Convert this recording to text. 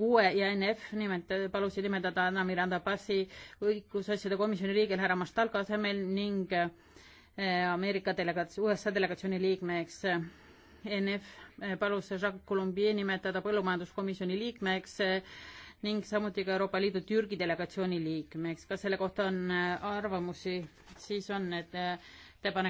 kuue ja NF nimelt palusid nimetada Anna Miranda Passi õigusasjade komisjoni liigel härra Mastalka asemel ning eh, Ameerika delegats-, USA delegatsiooni liikmeks. NF eh, palus Jacques Colombier nimetada põllumajanduskomisjoni liikmeks eh, ning samuti ka Euroopa Liidu Türgi delegatsiooni liikmeks. kas selle kohta on arvamusi? siis on need ettepanek